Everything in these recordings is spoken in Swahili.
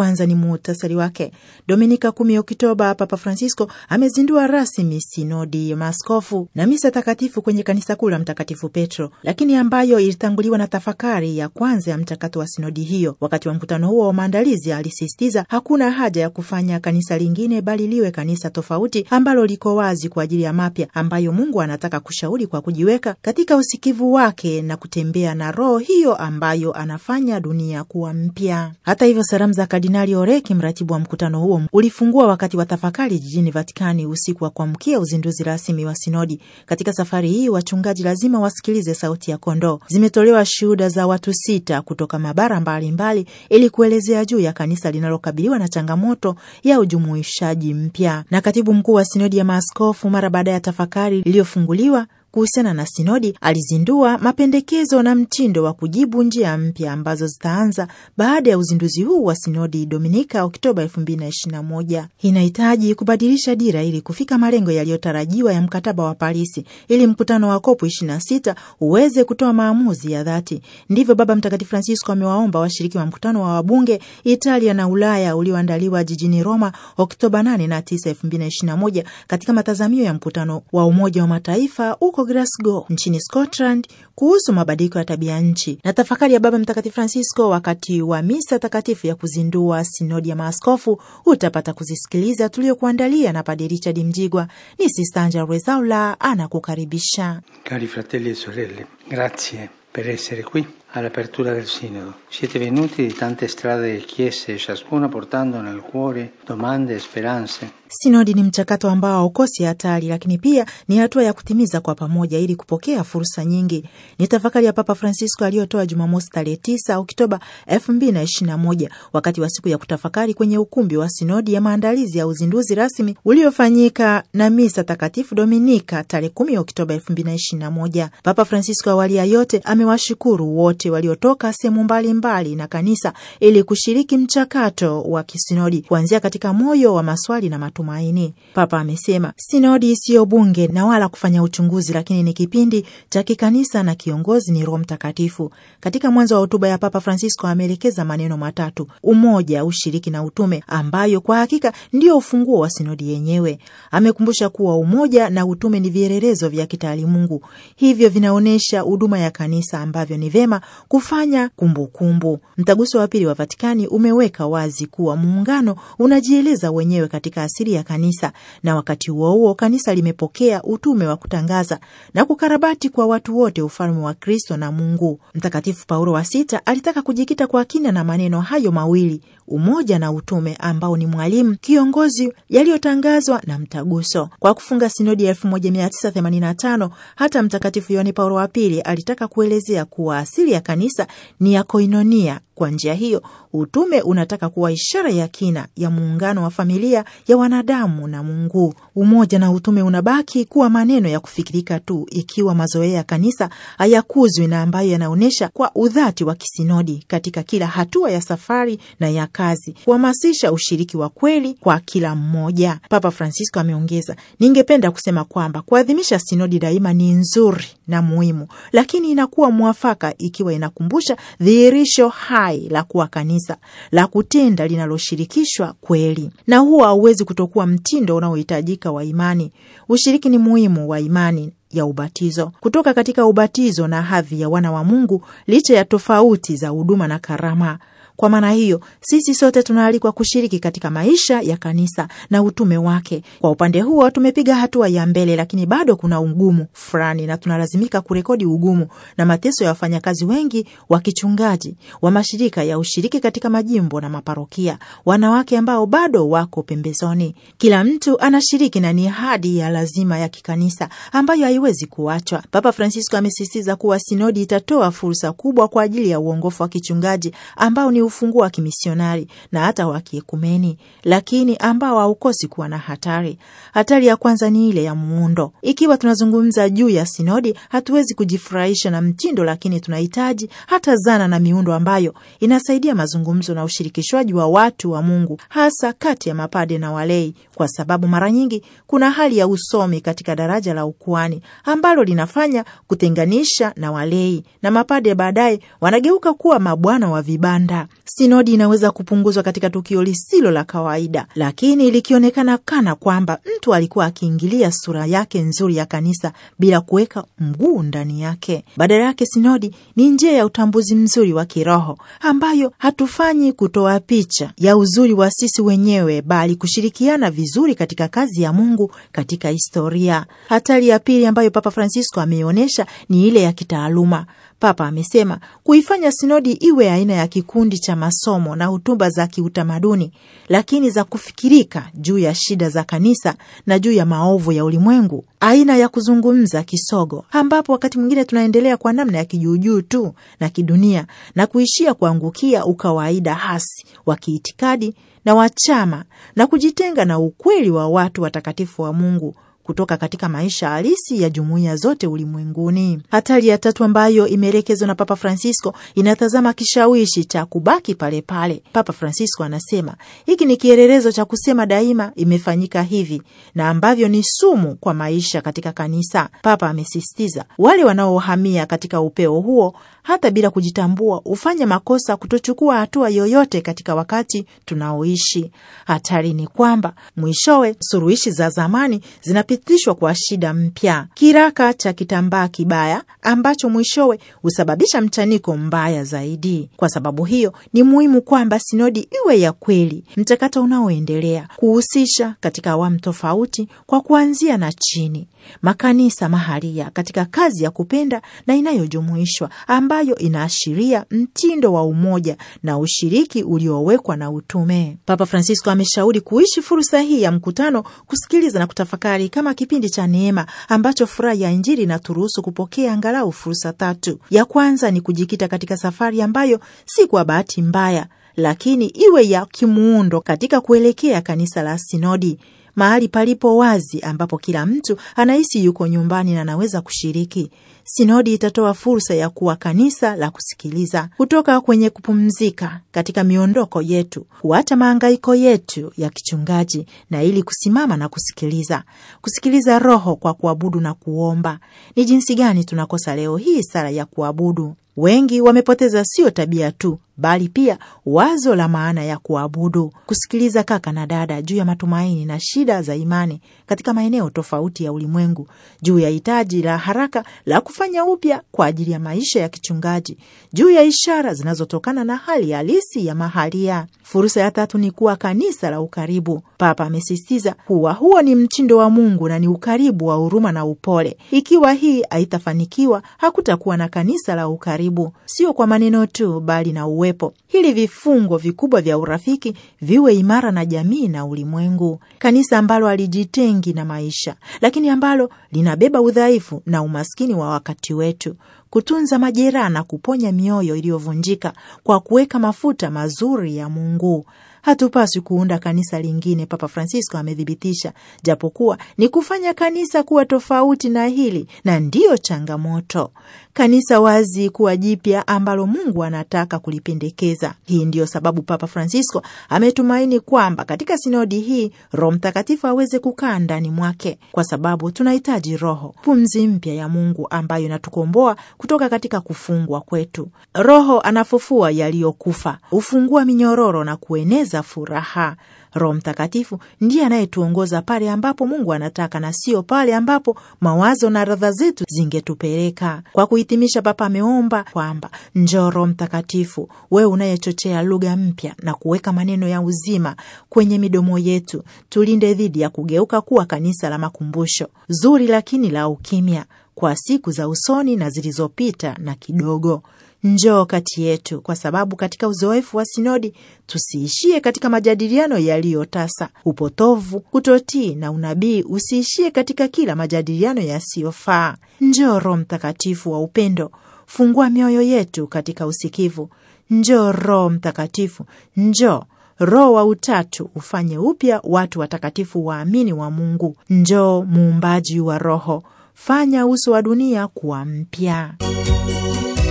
kwanza ni muhtasari wake. Dominika kumi Oktoba, Papa Francisco amezindua rasmi sinodi ya maaskofu na misa takatifu kwenye kanisa kuu la Mtakatifu Petro, lakini ambayo ilitanguliwa na tafakari ya kwanza ya mchakato wa sinodi hiyo. Wakati wa mkutano huo wa maandalizi, alisisitiza hakuna haja ya kufanya kanisa lingine, bali liwe kanisa tofauti ambalo liko wazi kwa ajili ya mapya ambayo Mungu anataka kushauri kwa kujiweka katika usikivu wake na kutembea na roho hiyo ambayo anafanya dunia kuwa mpya. Hata hivyo, salamu za Kardinali Oreki, mratibu wa mkutano huo, ulifungua wakati wa tafakari jijini Vatikani usiku wa kuamkia uzinduzi rasmi wa sinodi. Katika safari hii, wachungaji lazima wasikilize sauti ya kondoo. Zimetolewa shuhuda za watu sita kutoka mabara mbalimbali ili kuelezea juu ya kanisa linalokabiliwa na changamoto ya ujumuishaji mpya. Na katibu mkuu wa sinodi ya maaskofu, mara baada ya tafakari iliyofunguliwa kuhusiana na sinodi, alizindua mapendekezo na mtindo wa kujibu njia mpya ambazo zitaanza baada ya uzinduzi huu wa sinodi Dominika Oktoba 2021. Inahitaji kubadilisha dira ili kufika malengo yaliyotarajiwa ya mkataba wa Parisi ili mkutano wa kopu 26 uweze kutoa maamuzi ya dhati. Ndivyo Baba Mtakatifu Francisco amewaomba washiriki wa mkutano wa wabunge Italia na Ulaya ulioandaliwa jijini Roma Oktoba 8 na 9, 2021 katika matazamio ya mkutano wa Umoja wa Mataifa huko huko Glasgow nchini Scotland kuhusu mabadiliko ya tabia nchi na tafakari ya Baba Mtakatifu Francisco wakati wa misa takatifu ya kuzindua sinodi ya maaskofu. Utapata kuzisikiliza tuliokuandalia na Padre Richard Mjigwa. Ni Sista Angela Rwezaula anakukaribisha. Cari fratelli e sorelle grazie per essere qui all'apertura del Sinodo. Siete venuti di tante strade e chiese, ciascuno portando nel cuore domande e speranze. Sinodi ni mchakato ambao haukosi hatari, lakini pia ni hatua ya kutimiza kwa pamoja ili kupokea fursa nyingi. Ni tafakari ya Papa Francisco aliyotoa Jumamosi tarehe 9 Oktoba 2021 wakati wa siku ya kutafakari kwenye ukumbi wa sinodi ya maandalizi ya uzinduzi rasmi uliofanyika na misa takatifu Dominika tarehe 10 Oktoba 2021. Papa Francisco awali ya yote amewashukuru wote wote waliotoka sehemu mbalimbali na kanisa ili kushiriki mchakato wa kisinodi kuanzia katika moyo wa maswali na matumaini. Papa amesema sinodi siyo bunge na wala kufanya uchunguzi, lakini ni kipindi cha kikanisa na kiongozi ni Roho Mtakatifu. Katika mwanzo wa hotuba ya Papa Francisco ameelekeza maneno matatu: umoja, ushiriki na utume, ambayo kwa hakika ndio ufunguo wa sinodi yenyewe. Amekumbusha kuwa umoja na utume ni vielelezo vya kitaalimungu, hivyo vinaonyesha huduma ya kanisa ambavyo ni vema kufanya kumbukumbu kumbu. Mtaguso wa Pili wa Vatikani umeweka wazi kuwa muungano unajieleza wenyewe katika asili ya kanisa, na wakati huo huo kanisa limepokea utume wa kutangaza na kukarabati kwa watu wote ufalme wa Kristo na Mungu. Mtakatifu Paulo wa Sita alitaka kujikita kwa kina na maneno hayo mawili umoja na utume ambao ni mwalimu kiongozi yaliyotangazwa na Mtaguso. Kwa kufunga sinodi ya 1985 hata Mtakatifu Yohane Paulo wa Pili alitaka kuelezea kuwa asili ya kanisa ni ya koinonia kwa njia hiyo, utume unataka kuwa ishara ya kina ya muungano wa familia ya wanadamu na Mungu. Umoja na utume unabaki kuwa maneno ya kufikirika tu ikiwa mazoea ya kanisa hayakuzwi na ambayo yanaonyesha kwa udhati wa kisinodi katika kila hatua ya safari na ya kazi kuhamasisha ushiriki wa kweli kwa kila mmoja. Papa Francisco ameongeza, ningependa kusema kwamba kuadhimisha sinodi daima ni nzuri na muhimu, lakini inakuwa mwafaka ikiwa inakumbusha dhihirisho hai hai la kuwa kanisa la kutenda linaloshirikishwa kweli, na huo hauwezi kutokuwa mtindo unaohitajika wa imani. Ushiriki ni muhimu wa imani ya ubatizo kutoka katika ubatizo na hadhi ya wana wa Mungu, licha ya tofauti za huduma na karama. Kwa maana hiyo, sisi sote tunaalikwa kushiriki katika maisha ya kanisa na utume wake. Kwa upande huo, tumepiga hatua ya mbele, lakini bado kuna ugumu fulani, na tunalazimika kurekodi ugumu na mateso ya wafanyakazi wengi wa kichungaji wa mashirika ya ushiriki katika majimbo na maparokia, wanawake ambao bado wako pembezoni. Kila mtu anashiriki na ni hadi ya lazima ya kikanisa ambayo haiwezi kuachwa. Papa Francisco amesisitiza kuwa sinodi itatoa fursa kubwa kwa ajili ya uongofu wa kichungaji ambao ni ufunguo wa kimisionari na hata wa kiekumeni, lakini ambao haukosi kuwa na hatari. Hatari ya kwanza ni ile ya muundo. Ikiwa tunazungumza juu ya sinodi, hatuwezi kujifurahisha na mtindo, lakini tunahitaji hata zana na miundo ambayo inasaidia mazungumzo na ushirikishwaji wa watu wa Mungu, hasa kati ya mapade na walei, kwa sababu mara nyingi kuna hali ya usomi katika daraja la ukuani ambalo linafanya kutenganisha na walei na mapade, baadaye wanageuka kuwa mabwana wa vibanda sinodi inaweza kupunguzwa katika tukio lisilo la kawaida, lakini likionekana kana kwamba mtu alikuwa akiingilia sura yake nzuri ya kanisa bila kuweka mguu ndani yake. Badala yake, sinodi ni njia ya utambuzi mzuri wa kiroho ambayo hatufanyi kutoa picha ya uzuri wa sisi wenyewe, bali kushirikiana vizuri katika kazi ya Mungu katika historia. Hatari ya pili ambayo Papa Francisco ameionyesha ni ile ya kitaaluma. Papa amesema kuifanya sinodi iwe aina ya kikundi cha masomo na hutuba za kiutamaduni, lakini za kufikirika juu ya shida za kanisa na juu ya maovu ya ulimwengu, aina ya kuzungumza kisogo, ambapo wakati mwingine tunaendelea kwa namna ya kijuujuu tu na kidunia na kuishia kuangukia ukawaida hasi wa kiitikadi na wachama na kujitenga na ukweli wa watu watakatifu wa Mungu kutoka katika maisha halisi ya jumuiya zote ulimwenguni. Hatari ya tatu ambayo imeelekezwa na Papa Francisco inatazama kishawishi cha kubaki pale pale. Papa Francisco anasema hiki ni kielelezo cha kusema daima imefanyika hivi na ambavyo ni sumu kwa maisha katika kanisa. Papa amesisitiza wale wanaohamia katika upeo huo hata bila kujitambua, hufanya makosa kutochukua hatua yoyote katika wakati tunaoishi. Hatari ni kwamba mwishowe suruhishi za zamani zinapitishwa kwa shida mpya, kiraka cha kitambaa kibaya ambacho mwishowe husababisha mchaniko mbaya zaidi. Kwa sababu hiyo, ni muhimu kwamba sinodi iwe ya kweli, mchakato unaoendelea kuhusisha katika awamu tofauti, kwa kuanzia na chini makanisa mahalia katika kazi ya kupenda na inayojumuishwa ambayo inaashiria mtindo wa umoja na ushiriki uliowekwa na utume. Papa Francisco ameshauri kuishi fursa hii ya mkutano, kusikiliza na kutafakari kama kipindi cha neema ambacho furaha ya Injili inaturuhusu kupokea angalau fursa tatu. Ya kwanza ni kujikita katika safari ambayo si kwa bahati mbaya, lakini iwe ya kimuundo katika kuelekea kanisa la sinodi mahali palipo wazi ambapo kila mtu anahisi yuko nyumbani na anaweza kushiriki. Sinodi itatoa fursa ya kuwa kanisa la kusikiliza, kutoka kwenye kupumzika katika miondoko yetu, kuacha maangaiko yetu ya kichungaji, na ili kusimama na kusikiliza, kusikiliza Roho kwa kuabudu na kuomba. Ni jinsi gani tunakosa leo hii sala ya kuabudu? Wengi wamepoteza sio tabia tu, bali pia wazo la maana ya kuabudu, kusikiliza kaka na dada juu ya matumaini na shida za imani katika maeneo tofauti ya ulimwengu, juu ya hitaji la haraka la kufanya upya kwa ajili ya maisha ya kichungaji, juu ya ishara zinazotokana na hali halisi ya mahalia. Fursa ya tatu ni kuwa kanisa la ukaribu. Papa amesisitiza kuwa huo ni mtindo wa Mungu na ni ukaribu wa huruma na upole. Ikiwa hii haitafanikiwa, hakutakuwa na kanisa la ukaribu, sio kwa maneno tu, bali na uwe kuwepo ili vifungo vikubwa vya urafiki viwe imara na jamii na ulimwengu. Kanisa ambalo halijitengi na maisha, lakini ambalo linabeba udhaifu na umaskini wa wakati wetu, kutunza majeraha na kuponya mioyo iliyovunjika kwa kuweka mafuta mazuri ya Mungu hatupaswi kuunda kanisa lingine, Papa Francisco amethibitisha, japokuwa ni kufanya kanisa kuwa tofauti na hili, na ndiyo changamoto kanisa wazi kuwa jipya ambalo Mungu anataka kulipendekeza. Hii ndiyo sababu Papa Francisco ametumaini kwamba katika sinodi hii Roho Mtakatifu aweze kukaa ndani mwake, kwa sababu tunahitaji Roho, pumzi mpya ya Mungu ambayo inatukomboa kutoka katika kufungwa kwetu. Roho anafufua yaliyokufa, ufungua minyororo na kueneza za furaha. Roho Mtakatifu ndiye anayetuongoza pale ambapo Mungu anataka na sio pale ambapo mawazo na radha zetu zingetupeleka. Kwa kuhitimisha, Papa ameomba kwamba njoo Roho Mtakatifu, wewe unayechochea lugha mpya na kuweka maneno ya uzima kwenye midomo yetu, tulinde dhidi ya kugeuka kuwa kanisa la makumbusho zuri, lakini la ukimya kwa siku za usoni na zilizopita na kidogo njoo kati yetu, kwa sababu katika uzoefu wa sinodi tusiishie katika majadiliano yaliyotasa upotovu, kutotii na unabii, usiishie katika kila majadiliano yasiyofaa. Njoo Roho Mtakatifu wa upendo, fungua mioyo yetu katika usikivu. Njoo Roho Mtakatifu, njoo Roho wa Utatu, ufanye upya watu watakatifu waamini wa Mungu. Njoo muumbaji wa roho, fanya uso wa dunia kuwa mpya.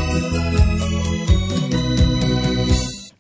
Música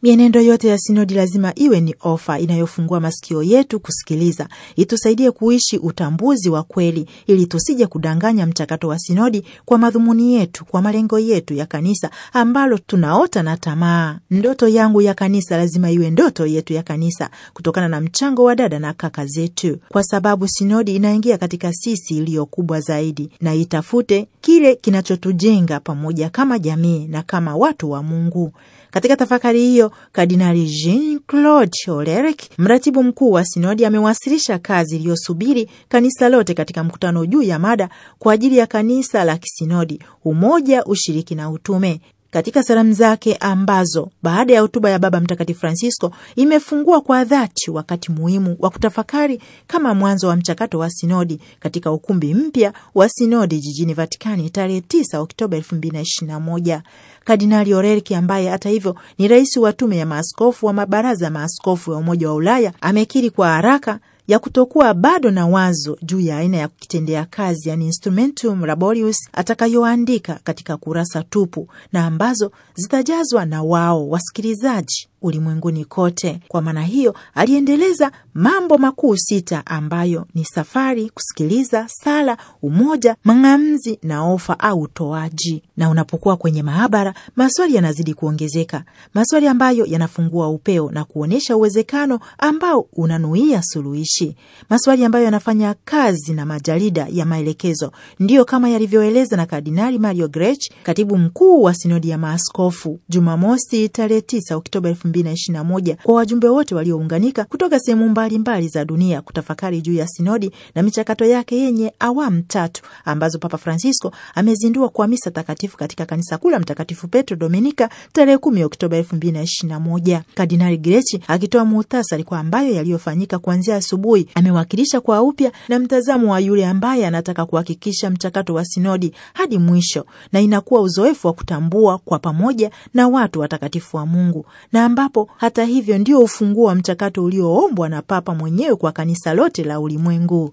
Mienendo yote ya sinodi lazima iwe ni ofa inayofungua masikio yetu kusikiliza, itusaidie kuishi utambuzi wa kweli, ili tusije kudanganya mchakato wa sinodi kwa madhumuni yetu, kwa malengo yetu ya kanisa ambalo tunaota na tamaa. Ndoto yangu ya kanisa lazima iwe ndoto yetu ya kanisa kutokana na mchango wa dada na kaka zetu, kwa sababu sinodi inaingia katika sisi iliyo kubwa zaidi, na itafute kile kinachotujenga pamoja kama jamii na kama watu wa Mungu. Katika tafakari hiyo, Kardinali Jean Claude Oleric, mratibu mkuu wa sinodi, amewasilisha kazi iliyosubiri kanisa lote katika mkutano juu ya mada kwa ajili ya kanisa la kisinodi: umoja, ushiriki na utume. Katika salamu zake ambazo baada ya hotuba ya Baba Mtakatifu Francisco imefungua kwa dhati wakati muhimu wa kutafakari kama mwanzo wa mchakato wa sinodi katika ukumbi mpya wa sinodi jijini Vatikani tarehe 9 Oktoba 2021. Kardinali Orelki ambaye hata hivyo ni rais wa tume ya maaskofu wa mabaraza ya maaskofu ya Umoja wa Ulaya amekiri kwa haraka ya kutokuwa bado na wazo juu ya aina ya kukitendea kazi yani instrumentum laborius atakayoandika katika kurasa tupu na ambazo zitajazwa na wao wasikilizaji ulimwenguni kote. Kwa maana hiyo, aliendeleza mambo makuu sita ambayo ni safari, kusikiliza, sala, umoja, mang'amzi na ofa au utoaji. Na unapokuwa kwenye maabara, maswali yanazidi kuongezeka, maswali ambayo yanafungua upeo na kuonyesha uwezekano ambao unanuia suluhishi, maswali ambayo yanafanya kazi na majarida ya maelekezo, ndiyo kama yalivyoeleza na Kardinali Mario Grech, katibu mkuu wa sinodi ya maaskofu, Jumamosi tarehe 9 Oktoba 2021 kwa wajumbe wote waliounganika kutoka sehemu mbalimbali za dunia kutafakari juu ya sinodi na michakato yake yenye awamu tatu ambazo Papa Francisco amezindua kwa misa takatifu katika kanisa kuu la Mtakatifu Petro Dominika tarehe 10 Oktoba 2021. Kardinali Grechi akitoa muhtasari kwa ambayo yaliyofanyika kuanzia asubuhi, amewakilisha kwa upya na mtazamo wa yule ambaye anataka kuhakikisha mchakato wa sinodi hadi mwisho na inakuwa uzoefu wa kutambua kwa pamoja na watu watakatifu wa Mungu na ambapo hata hivyo ndio ufunguo wa mchakato ulioombwa na Papa mwenyewe kwa kanisa lote la ulimwengu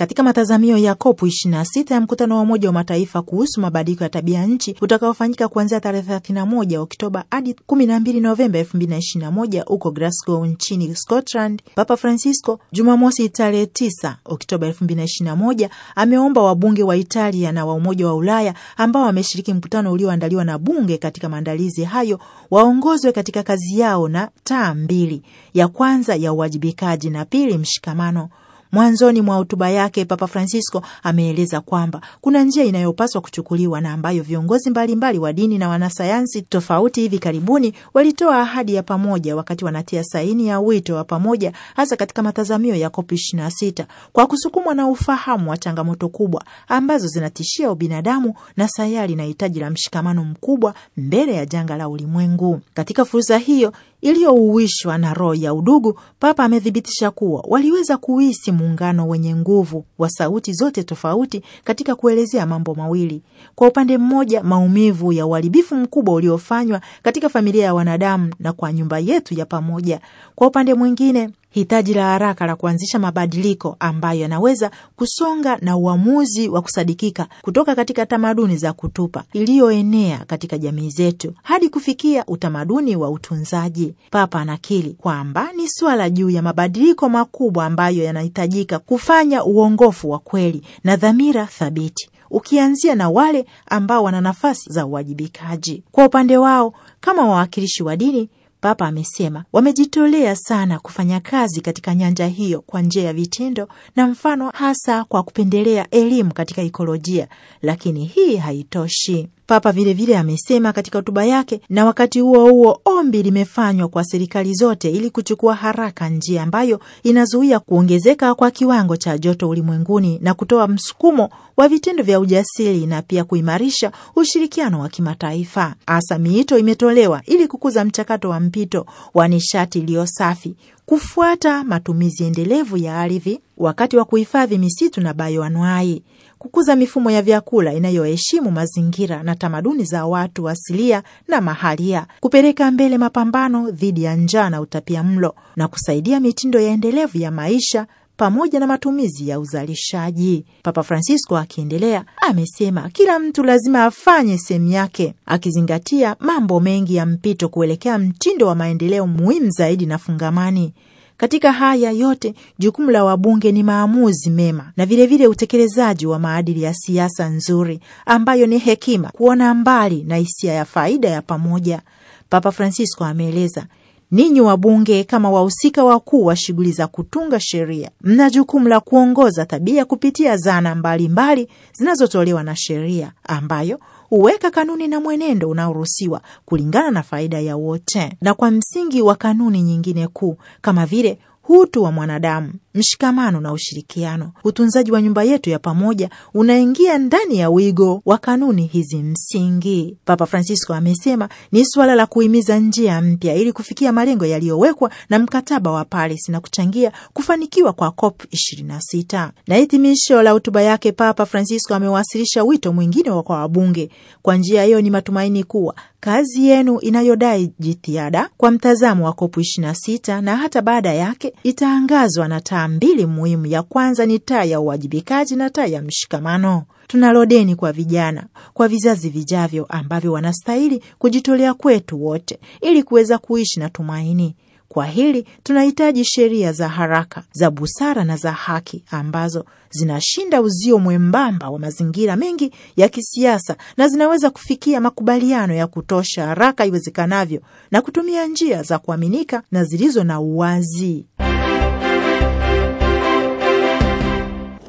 katika matazamio ya COP 26 ya mkutano wa Umoja wa Mataifa kuhusu mabadiliko ya tabia nchi utakaofanyika kuanzia tarehe 31 Oktoba hadi 12 Novemba 2021 huko Glasgow nchini Scotland, Papa Francisco Jumamosi tarehe 9 Oktoba 2021 ameomba wabunge wa Italia na wa Umoja wa Ulaya ambao wameshiriki mkutano ulioandaliwa na bunge katika maandalizi hayo waongozwe katika kazi yao na taa mbili, ya kwanza ya uwajibikaji na pili mshikamano. Mwanzoni mwa hotuba yake, Papa Francisco ameeleza kwamba kuna njia inayopaswa kuchukuliwa na ambayo viongozi mbalimbali wa dini na wanasayansi tofauti hivi karibuni walitoa ahadi ya pamoja wakati wanatia saini ya wito wa pamoja, hasa katika matazamio ya COP 26 kwa kusukumwa na ufahamu wa changamoto kubwa ambazo zinatishia ubinadamu na sayari na hitaji la mshikamano mkubwa mbele ya janga la ulimwengu. Katika fursa hiyo iliyouwishwa na roho ya udugu, Papa amethibitisha kuwa waliweza kuhisi muungano wenye nguvu wa sauti zote tofauti katika kuelezea mambo mawili: kwa upande mmoja, maumivu ya uharibifu mkubwa uliofanywa katika familia ya wanadamu na kwa nyumba yetu ya pamoja; kwa upande mwingine, hitaji la haraka la kuanzisha mabadiliko ambayo yanaweza kusonga na uamuzi wa kusadikika kutoka katika tamaduni za kutupa iliyoenea katika jamii zetu hadi kufikia utamaduni wa utunzaji. Papa anakiri kwamba ni swala juu ya mabadiliko makubwa ambayo yanahitajika kufanya uongofu wa kweli na dhamira thabiti ukianzia na wale ambao wana nafasi za uwajibikaji. Kwa upande wao, kama wawakilishi wa dini Papa amesema wamejitolea sana kufanya kazi katika nyanja hiyo kwa njia ya vitendo na mfano, hasa kwa kupendelea elimu katika ikolojia, lakini hii haitoshi. Papa vilevile vile amesema katika hotuba yake, na wakati huo huo ombi limefanywa kwa serikali zote ili kuchukua haraka njia ambayo inazuia kuongezeka kwa kiwango cha joto ulimwenguni na kutoa msukumo wa vitendo vya ujasiri na pia kuimarisha ushirikiano wa kimataifa. Hasa miito imetolewa ili kukuza mchakato wa mpito wa nishati iliyo safi, kufuata matumizi endelevu ya ardhi wakati wa kuhifadhi misitu na bayoanuai kukuza mifumo ya vyakula inayoheshimu mazingira na tamaduni za watu asilia na mahalia, kupeleka mbele mapambano dhidi ya njaa na utapia mlo na kusaidia mitindo ya endelevu ya maisha pamoja na matumizi ya uzalishaji. Papa Francisco akiendelea amesema kila mtu lazima afanye sehemu yake, akizingatia mambo mengi ya mpito kuelekea mtindo wa maendeleo muhimu zaidi na fungamani. Katika haya yote, jukumu la wabunge ni maamuzi mema na vilevile vile utekelezaji wa maadili ya siasa nzuri ambayo ni hekima, kuona mbali na hisia ya faida ya pamoja. Papa Francisco ameeleza Ninyi wabunge kama wahusika wakuu wa shughuli za kutunga sheria, mna jukumu la kuongoza tabia kupitia zana mbalimbali zinazotolewa na sheria, ambayo huweka kanuni na mwenendo unaoruhusiwa kulingana na faida ya wote na kwa msingi wa kanuni nyingine kuu kama vile utu wa mwanadamu, mshikamano na ushirikiano. Utunzaji wa nyumba yetu ya pamoja unaingia ndani ya wigo wa kanuni hizi msingi. Papa Francisco amesema ni suala la kuhimiza njia mpya ili kufikia malengo yaliyowekwa na mkataba wa Paris na kuchangia kufanikiwa kwa COP 26. Na hitimisho la hotuba yake, Papa Francisco amewasilisha wito mwingine kwa wabunge. Kwa njia hiyo, ni matumaini kuwa kazi yenu inayodai jitihada kwa mtazamo wa kopu 26 na hata baada yake itaangazwa na taa mbili muhimu. Ya kwanza ni taa ya uwajibikaji na taa ya mshikamano. Tunalo deni kwa vijana, kwa vizazi vijavyo ambavyo wanastahili kujitolea kwetu wote ili kuweza kuishi na tumaini. Kwa hili tunahitaji sheria za haraka za busara na za haki ambazo zinashinda uzio mwembamba wa mazingira mengi ya kisiasa na zinaweza kufikia makubaliano ya kutosha haraka iwezekanavyo na kutumia njia za kuaminika na zilizo na uwazi.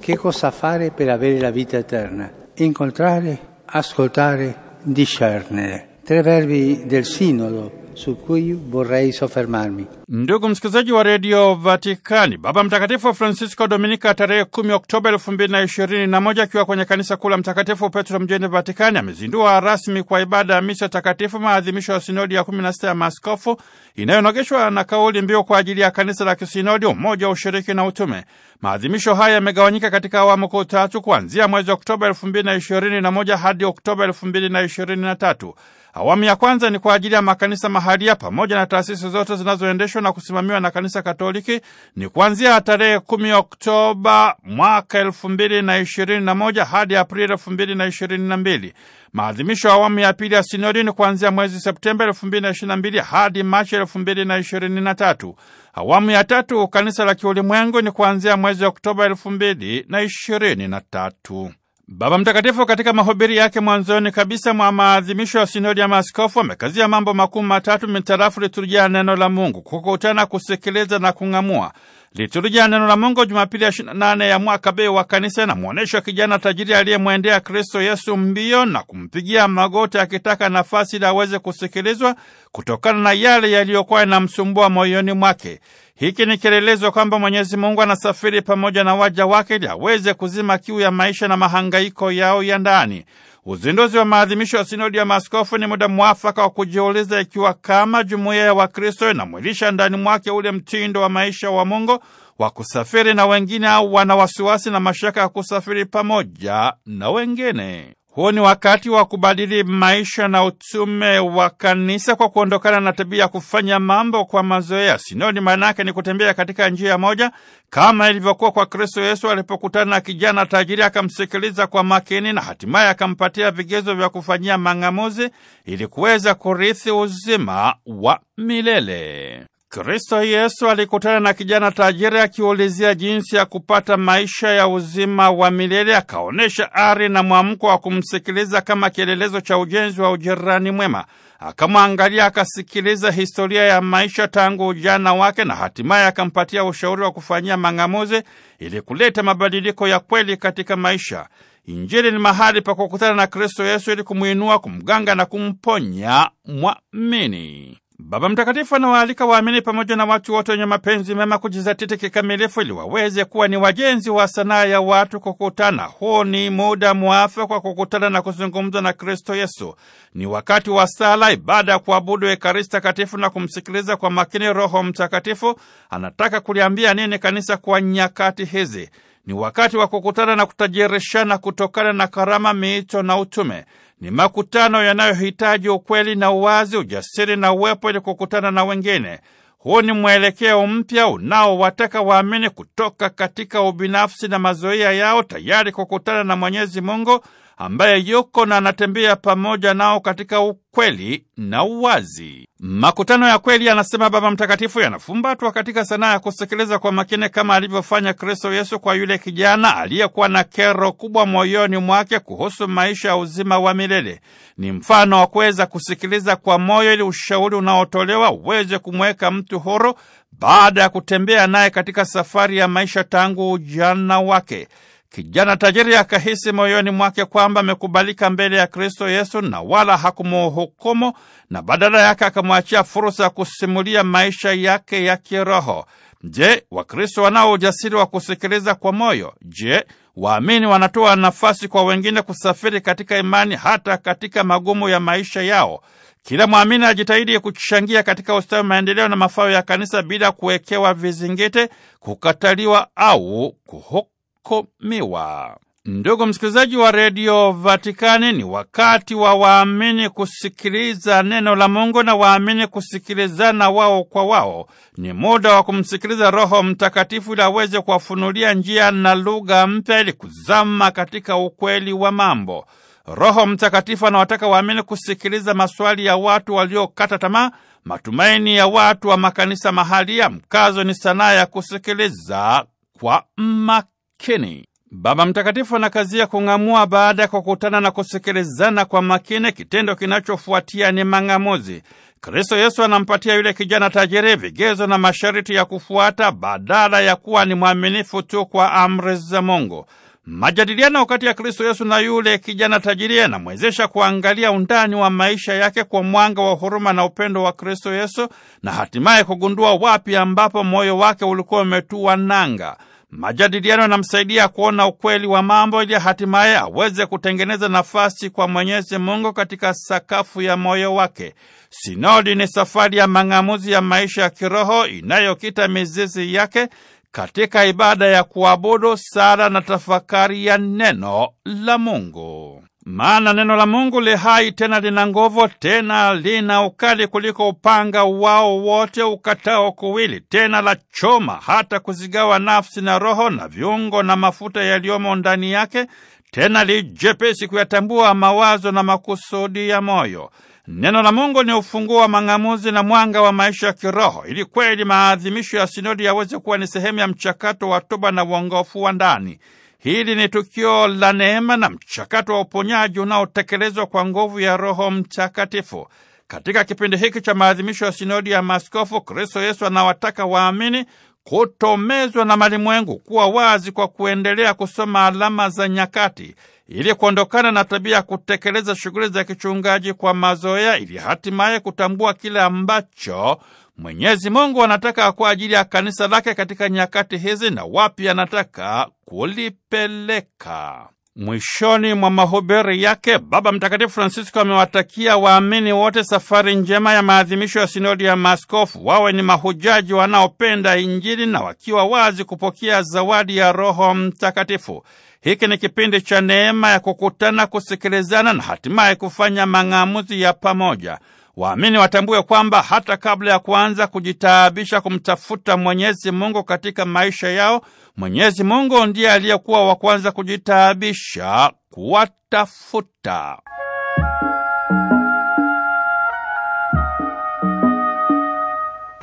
Che cosa fare per avere la vita eterna? Incontrare, ascoltare, discernere. Tre verbi del sinodo su cui vorrei soffermarmi. Ndugu msikilizaji wa redio Vatikani, Baba Mtakatifu Francisco Dominika tarehe 10 Oktoba 2021 akiwa kwenye kanisa kuu la Mtakatifu Petro mjini Vatikani amezindua rasmi kwa ibada ya misa takatifu maadhimisho ya sinodi ya 16 ya maskofu inayonogeshwa na kauli mbiu kwa ajili ya kanisa la kisinodi, umoja wa ushiriki na utume. Maadhimisho haya yamegawanyika katika awamu kuu tatu kuanzia mwezi Oktoba 2021 hadi Oktoba 2023. Awamu ya kwanza ni kwa ajili ya makanisa mahalia pamoja na taasisi zote zinazoendeshwa na kusimamiwa na Kanisa Katoliki, ni kuanzia tarehe kumi Oktoba mwaka elfu mbili na ishirini na moja hadi Aprili elfu mbili na ishirini na mbili. Maadhimisho ya awamu ya pili ya sinodi ni kuanzia mwezi Septemba 2022 ishirini na mbili hadi Machi elfu mbili na ishirini na tatu. Awamu ya tatu kanisa la kiulimwengu ni kuanzia mwezi Oktoba elfu mbili na ishirini na tatu. Baba Mtakatifu katika mahubiri yake mwanzoni kabisa mwa maadhimisho ya sinodi ya maaskofu amekazia mambo makuu matatu mitarafu liturujia ya neno la Mungu: kukutana, kusikiliza na kung'amua. Liturujia ya neno la Mungu Jumapili ya 28 ya mwaka bei wa kanisa inamwonyesha kijana tajiri aliyemwendea Kristo Yesu mbio na kumpigia magoti akitaka nafasi ili aweze kusikilizwa kutokana na yale yaliyokuwa yanamsumbua moyoni mwake. Hiki ni kielelezo kwamba Mwenyezi Mungu anasafiri pamoja na waja wake ili aweze kuzima kiu ya maisha na mahangaiko yao ya ndani. Uzinduzi wa maadhimisho ya sinodi ya maaskofu ni muda mwafaka wa kujiuliza ikiwa kama jumuiya ya Wakristo inamwilisha ndani mwake ule mtindo wa maisha wa Mungu wa kusafiri na wengine au wana wasiwasi na mashaka ya kusafiri pamoja na wengine. Huu ni wakati wa kubadili maisha na utume wa kanisa kwa kuondokana na tabia ya kufanya mambo kwa mazoea. Sinodi maana yake ni kutembea katika njia moja kama ilivyokuwa kwa Kristo Yesu alipokutana na kijana tajiri, akamsikiliza kwa makini na hatimaye akampatia vigezo vya kufanyia mang'amuzi ili kuweza kurithi uzima wa milele. Kristo Yesu alikutana na kijana tajiri akiulizia jinsi ya kupata maisha ya uzima wa milele. Akaonyesha ari na mwamko wa kumsikiliza kama kielelezo cha ujenzi wa ujirani mwema. Akamwangalia, akasikiliza historia ya maisha tangu ujana wake, na hatimaye akampatia ushauri wa kufanyia mang'amuzi ili kuleta mabadiliko ya kweli katika maisha. Injili ni mahali pa kukutana na Kristo Yesu ili kumwinua, kumganga na kumponya mwamini. Baba Mtakatifu anawaalika waamini pamoja na watu wote wenye mapenzi mema kujizatiti kikamilifu ili waweze kuwa ni wajenzi wa sanaa ya watu kukutana. Huu ni muda mwafaka wa kukutana na kuzungumza na Kristo Yesu. Ni wakati wa sala, ibada ya kuabudu Ekaristi takatifu na kumsikiliza kwa makini Roho Mtakatifu anataka kuliambia nini kanisa kwa nyakati hizi. Ni wakati wa kukutana na kutajirishana kutokana na karama, miito na utume. Ni makutano yanayohitaji ukweli na uwazi, ujasiri na uwepo ili kukutana na wengine. Huu ni mwelekeo mpya unaowataka waamini kutoka katika ubinafsi na mazoea yao, tayari kukutana na Mwenyezi Mungu ambaye yuko na anatembea pamoja nao katika ukweli na uwazi. Makutano ya kweli, anasema Baba Mtakatifu, yanafumbatwa katika sanaa ya kusikiliza kwa makini kama alivyofanya Kristo Yesu kwa yule kijana aliyekuwa na kero kubwa moyoni mwake kuhusu maisha ya uzima wa milele. Ni mfano wa kuweza kusikiliza kwa moyo ili ushauri unaotolewa uweze kumweka mtu huru baada ya kutembea naye katika safari ya maisha tangu ujana wake. Kijana tajiri akahisi moyoni mwake kwamba amekubalika mbele ya Kristo Yesu na wala hakumuhukumu, na badala yake akamwachia fursa ya kusimulia maisha yake ya kiroho. Je, Wakristo wanao ujasiri wa kusikiliza kwa moyo? Je, waamini wanatoa nafasi kwa wengine kusafiri katika imani hata katika magumu ya maisha yao? Kila mwamini ajitahidi kuchangia katika ustawi, maendeleo na mafao ya kanisa bila kuwekewa vizingiti, kukataliwa au kuhukumu kuhukumiwa. Ndugu msikilizaji wa redio Vatikani, ni wakati wa waamini kusikiliza neno la Mungu na waamini kusikilizana wao kwa wao. Ni muda wa kumsikiliza Roho Mtakatifu ili aweze kuwafunulia njia na lugha mpya ili kuzama katika ukweli wa mambo. Roho Mtakatifu anawataka waamini kusikiliza maswali ya watu waliokata tamaa, matumaini ya watu wa makanisa mahali ya Mkazo ni sanaa ya kusikiliza kwa mak makini. Baba Mtakatifu anakazia kung'amua baada ya kukutana na kusikilizana kwa makini. Kitendo kinachofuatia ni mang'amuzi. Kristo Yesu anampatia yule kijana tajiri vigezo na masharti ya kufuata badala ya kuwa ni mwaminifu tu kwa amri za Mungu. Majadiliano kati ya Kristo Yesu na yule kijana tajiri yanamwezesha kuangalia undani wa maisha yake kwa mwanga wa huruma na upendo wa Kristo Yesu na hatimaye kugundua wapi ambapo moyo wake ulikuwa umetua nanga. Majadiliano yanamsaidia kuona ukweli wa mambo ili hatimaye aweze kutengeneza nafasi kwa Mwenyezi Mungu katika sakafu ya moyo wake. Sinodi ni safari ya mang'amuzi ya maisha ya kiroho inayokita mizizi yake katika ibada ya kuabudu, sala na tafakari ya neno la Mungu maana neno la Mungu li hai tena lina nguvu tena lina ukali kuliko upanga wao wote ukatao kuwili, tena la choma hata kuzigawa nafsi na roho na viungo na mafuta yaliyomo ndani yake, tena li jepesi kuyatambua mawazo na makusudi ya moyo. Neno la Mungu ni ufunguo wa mang'amuzi na mwanga wa maisha ya kiroho, ili kweli maadhimisho ya sinodi yaweze kuwa ni sehemu ya mchakato wa toba na uongofu wa ndani. Hili ni tukio la neema na mchakato wa uponyaji unaotekelezwa kwa nguvu ya Roho Mtakatifu. Katika kipindi hiki cha maadhimisho ya sinodi ya maaskofu, Kristo Yesu anawataka waamini kutomezwa na malimwengu, kuwa wazi kwa kuendelea kusoma alama za nyakati ili kuondokana na tabia ya kutekeleza shughuli za kichungaji kwa mazoea, ili hatimaye kutambua kile ambacho Mwenyezi Mungu anataka kwa ajili ya kanisa lake katika nyakati hizi na wapi anataka kulipeleka. Mwishoni mwa mahubiri yake, Baba Mtakatifu Francisco amewatakia waamini wote safari njema ya maadhimisho ya sinodi ya maaskofu, wawe ni mahujaji wanaopenda Injili na wakiwa wazi kupokea zawadi ya Roho Mtakatifu. Hiki ni kipindi cha neema ya kukutana, kusikilizana na hatimaye kufanya mang'amuzi ya pamoja. Waamini watambue kwamba hata kabla ya kuanza kujitaabisha kumtafuta Mwenyezi Mungu katika maisha yao, Mwenyezi Mungu ndiye aliyekuwa wa kwanza kujitaabisha kuwatafuta.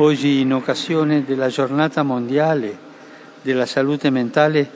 Oggi in occasione della giornata mondiale della salute mentale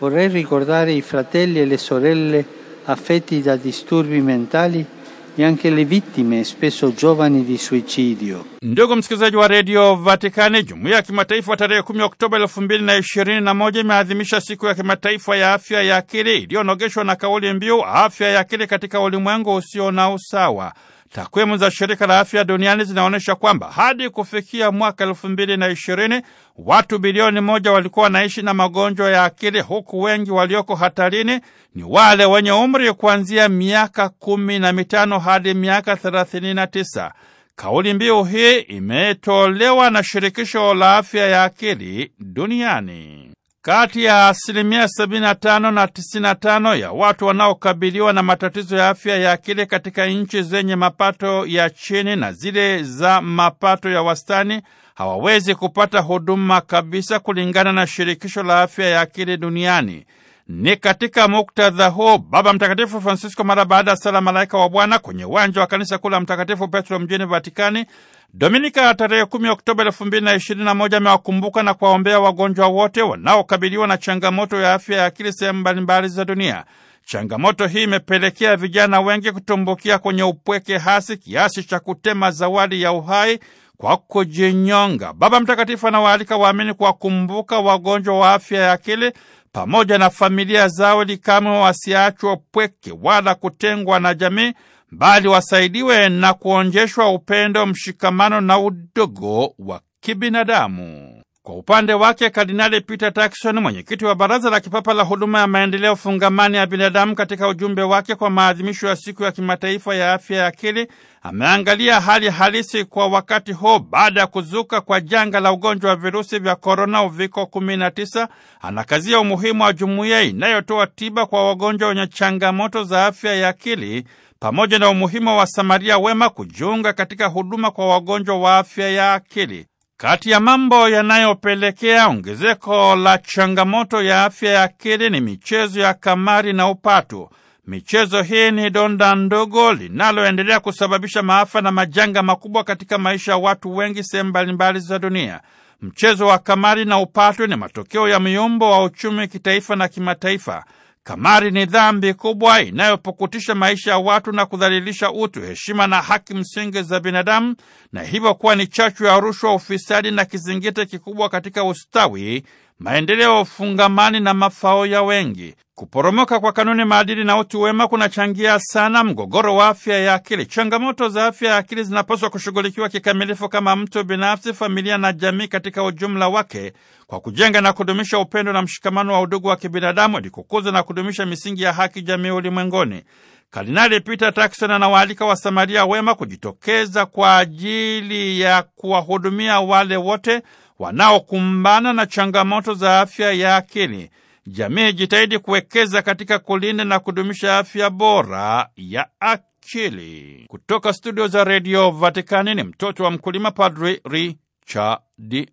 vorrei ricordare i fratelli e le sorelle affetti da disturbi mentali E anche le vittime spesso giovani di suicidio. Ndugu msikilizaji wa redio Vatikani, jumuiya ya kimataifa tarehe 10 Oktoba 2021 imeadhimisha siku ya kimataifa ya afya ya akili iliyonogeshwa na kauli mbiu afya ya akili katika ulimwengu usio na usawa. Takwimu za shirika la afya duniani zinaonyesha kwamba hadi kufikia mwaka elfu mbili na ishirini watu bilioni moja walikuwa wanaishi na magonjwa ya akili, huku wengi walioko hatarini ni wale wenye umri kuanzia miaka kumi na mitano hadi miaka thelathini na tisa. Kauli mbiu hii imetolewa na shirikisho la afya ya akili duniani. Kati ya asilimia 75 na 95 ya watu wanaokabiliwa na matatizo ya afya ya akili katika nchi zenye mapato ya chini na zile za mapato ya wastani hawawezi kupata huduma kabisa kulingana na shirikisho la afya ya akili duniani. Ni katika muktadha huo Baba Mtakatifu Francisco, mara baada ya sala Malaika wa Bwana kwenye uwanja wa kanisa kuu la Mtakatifu Petro mjini Vatikani Dominika ya tarehe 10 Oktoba 2021 amewakumbuka na kuwaombea wagonjwa wote wanaokabiliwa na changamoto ya afya ya akili sehemu mbalimbali za dunia. Changamoto hii imepelekea vijana wengi kutumbukia kwenye upweke hasi kiasi cha kutema zawadi ya uhai kwa kujinyonga. Baba Mtakatifu anawaalika waamini kuwakumbuka wagonjwa wa afya ya akili pamoja na familia zao ili kamwe wasiachwe pweke wala kutengwa na jamii, bali wasaidiwe na kuonjeshwa upendo, mshikamano na udogo wa kibinadamu. Kwa upande wake Kardinali Peter Turkson, mwenyekiti wa Baraza la Kipapa la Huduma ya Maendeleo Fungamani ya Binadamu, katika ujumbe wake kwa maadhimisho ya Siku ya Kimataifa ya Afya ya Akili, ameangalia hali halisi kwa wakati huo baada ya kuzuka kwa janga la ugonjwa wa virusi vya korona, uviko 19. Anakazia umuhimu wa jumuiya inayotoa tiba kwa wagonjwa wenye changamoto za afya ya akili pamoja na umuhimu wa Samaria wema kujiunga katika huduma kwa wagonjwa wa afya ya akili. Kati ya mambo yanayopelekea ongezeko la changamoto ya afya ya akili ni michezo ya kamari na upatu. Michezo hii ni donda ndogo linaloendelea kusababisha maafa na majanga makubwa katika maisha ya watu wengi sehemu mbalimbali za dunia. Mchezo wa kamari na upatu ni matokeo ya myumbo wa uchumi kitaifa na kimataifa. Kamari ni dhambi kubwa inayopukutisha maisha ya watu na kudhalilisha utu, heshima na haki msingi za binadamu, na hivyo kuwa ni chachu ya rushwa, ufisadi na kizingiti kikubwa katika ustawi maendeleo fungamani na mafao ya wengi. Kuporomoka kwa kanuni, maadili na utu wema kunachangia sana mgogoro wa afya ya akili. Changamoto za afya ya akili zinapaswa kushughulikiwa kikamilifu kama mtu binafsi, familia na jamii katika ujumla wake, kwa kujenga na kudumisha upendo na mshikamano wa udugu wa kibinadamu, ili kukuza na kudumisha misingi ya haki jamii ulimwenguni. Kardinali Peter Turkson anawaalika Wasamaria wema kujitokeza kwa ajili ya kuwahudumia wale wote wanaokumbana na changamoto za afya ya akili. Jamii jitahidi kuwekeza katika kulinda na kudumisha afya bora ya akili. Kutoka studio za redio Vatikani ni mtoto wa mkulima, Padri Richard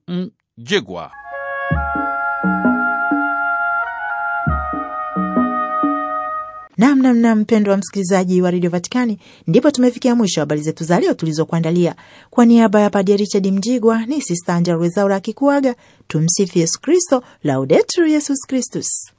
Mjigwa. Namnamna wa msikilizaji wa redio Vatikani, ndipo tumefikia mwisho habari zetu za leo tulizokuandalia. Kwa niaba ya Padre Richard Mjigwa ni Sista Angela Rwezaura akikuaga. Tumsifu Yesu Kristo, Laudetur Yesus Kristus.